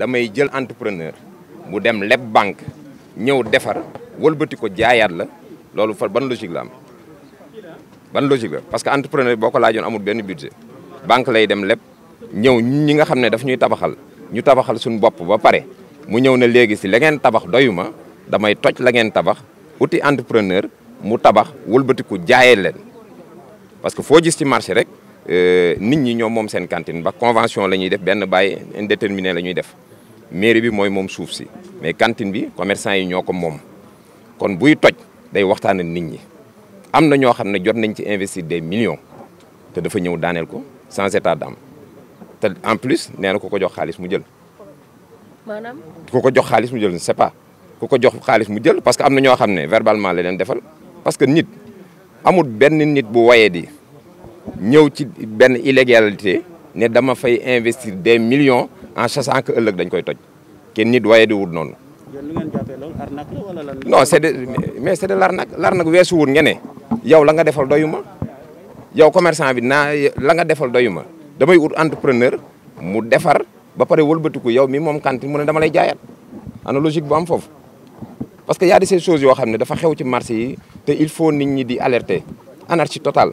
damay jël entrepreneur mu dem leb banque ñëw defar wëlbati ko jaayaat la loolu fa ban logique la am ban logique la parce que entrepreneur boo ko laajoon amul benn budget banque lay dem leb ñëw ñi nga xam ne daf ñuy tabaxal ñu tabaxal suñu bopp ba pare mu ñëw ne léegi si la ngeen tabax doyuma damay toj la ngeen tabax uti entrepreneur mu tabax wëlbatiku jaayee leen parce que foo gis ci marché rek euh, nit ñi ñoom moom seen cantine ba convention la ñuy def benn bàyyi indéterminé la ñuy def mairie bi mooy moom suuf si mais cantine bi commerçant yi ñoo mom kon buy toj day waxtaan nit ñi am no ñoo ne jot nañ ci investir des millions te dafa ñëw danel ko sans état d'âme te en plus ne na ku ko jox xaalis mu jël. maanaam ku ko jox xaalis mu jël c'est pas ku ko jox mu jël parce que am no ñoo ne verbalement la leen defal parce que nit amul ben nit bu wayee di ñëw ci benn illégalité. ne dama fay investir des millions en sachant que ëllëg dañ koy toj ken nit waaye du wul non. non c' mais c'est de l'arnaque. L'arnaque l' arnaque weesu wut nga ne yow la nga défal doyuma yow commerçant bi na la nga défal doyuma damay ut entrepreneur mu défar ba paré wëlbeutiku yow mi mom cantine mu ne dama lay jaayat ana logique bu am foofu. parce que y a des ces choses yo xamné dafa xew ci marché yi té il faut nit ñi di alerter anarchie totale.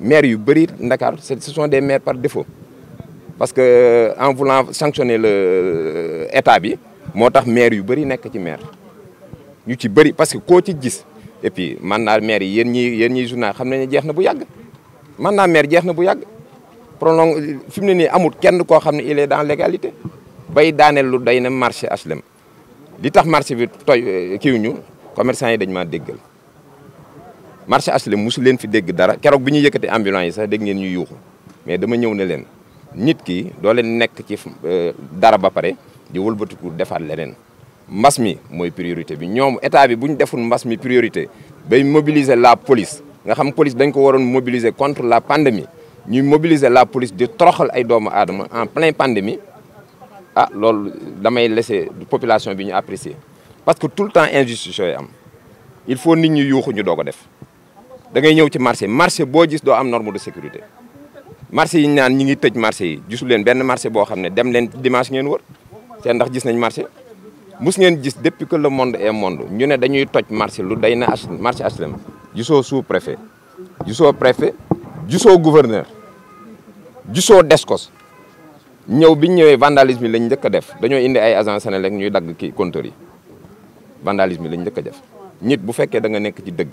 Maire yu bëri Dakar ce sont des maires par défaut parce que euh, en voulant sanctionner le euh, état bi moo tax maires yu bëri nekk ci maire ñu ci bëri parce que koo ci gis et puis man maire yi yéen ñii yéen ñii journal xam nañu jeex na bu yàgg man maire jeex na bu yàgg prolong fi mu ne nii amul kenn koo xam il est dans l'égalité bay daaneel lu day na marché HLM li tax marché bi toy euh, kiiw ñu commerçant yi dañ ma déggal marché HLM mosu leen fi dégg dara kérok biñu ñuy ambulance yi sax dégg ngeen ñu yuuxu mais dama ñëw ne leen nit ki do leen nekk ci euh, dara ba paré di wëlbatiku defaat leneen mbas mi moy priorité bi ñom état bi buñ ñu deful mi priorité bay mobiliser la police nga xam police dañ ko waron mobiliser contre la pandémie ñuy mobiliser la police di toroxal ay doomu adama en plein pandémie ah lool damay laisser population bi ñu apprécier parce que tout le temps injustice yooyu am il faut nit ñu yuuxu ñu doo def da ngay ñëw ci marché marché boo gis doo am norme de sécurité marché yi ñu naan ñi ngi tëj marché yi gisul leen benn marché boo xam ne dem leen dimanche ngeen wër seen ndax gis nañ marché mus ngeen gis depuis que le monde est monde ñu ne dañuy toj marché lu day na a marché HLM gisoo sous préfet gisoo préfet gisoo gouverneur gisoo descos ñëw biñ ñëwee vandalisme yi lañ njëkk a def dañoo indi ay agents Senelec ñuy dagg kii compteurs yi vandalisme yi lañ a def nit bu fekkee da nga nekk ci dëgg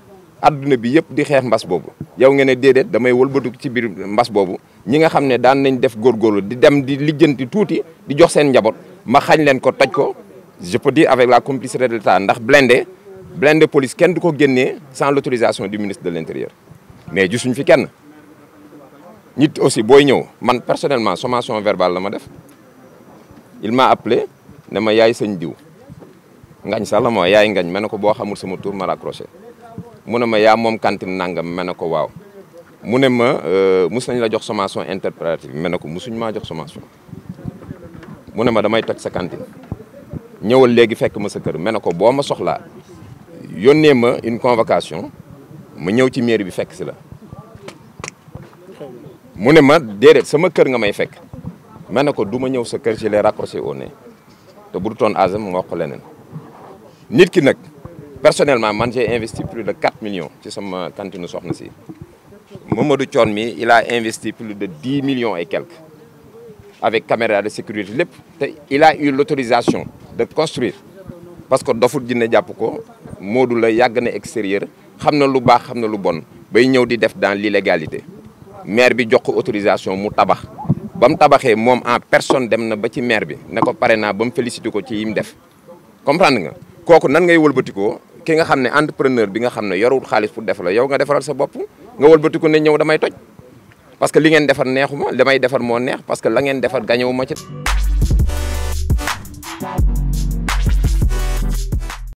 aduna bi yëpp di xeex mbas boobu yow nga ne déedéet damay wëlbatu ci biir mbas boobu ñi nga xam ne daan nañ def góorgóorlu di dem di lijjanti tuuti di jox seen njaboot ma xañ leen ko toj ko je peux dire avec la complicité de l'État ndax blindé blindé police kenn du ko génnee sans l'autorisation du ministre de l'Intérieur mais gisuñ fi kenn nit aussi booy ñëw man personnellement sommation verbale la ma def il m'a appelé ne ma yaay sëñ diw ngañ sax la moo yaay ngañ ma ne ko boo xamul sama tour ma raccroché mu ne ma yaa moom kantim nangam ma ne ko waaw mu ne ma euh, mus nañ la jox sommation interprétative ma ne ko musuñ maa jox sommation mu ne ma damay toj sa cantine ñëwal léegi fekk ma sa kër ma ne ko boo ma soxlaa yónnee ma une convocation ma ñëw ci mairie bi fekk si la mu ne ma déedéet sama kër nga may fekk ma ne ko du ma ñëw sa kër je l'ai raccroché au te bu du toon asam ma wax ko leneen nit ki nag personnellement j'ai investi plus de 4 millions ci sama cantine soxna Mamadou Thion il a investi plus de 10 millions et quelques avec caméra de sécurité il a eu l'autorisation de construire parce que doful dina jàpp ko Modou la yàgg extérieur xam na lu baax xam lu dans l'illégalité maire bi jox ko autorisation mu tabax bam tabaxé mom en personne dem na ba ci maire bi ne paréna bam le félicité ko ci yim def comprendre nga nan ngay ki nga xam ne entrepreneur bi nga xam ne yorul xaalis pour def la yow nga defaral sa bopp nga wëlbatiku ne ñëw damay toj parce que li ngeen defar neexuma damay defar moo neex parce que la ngeen defar gañewuma ci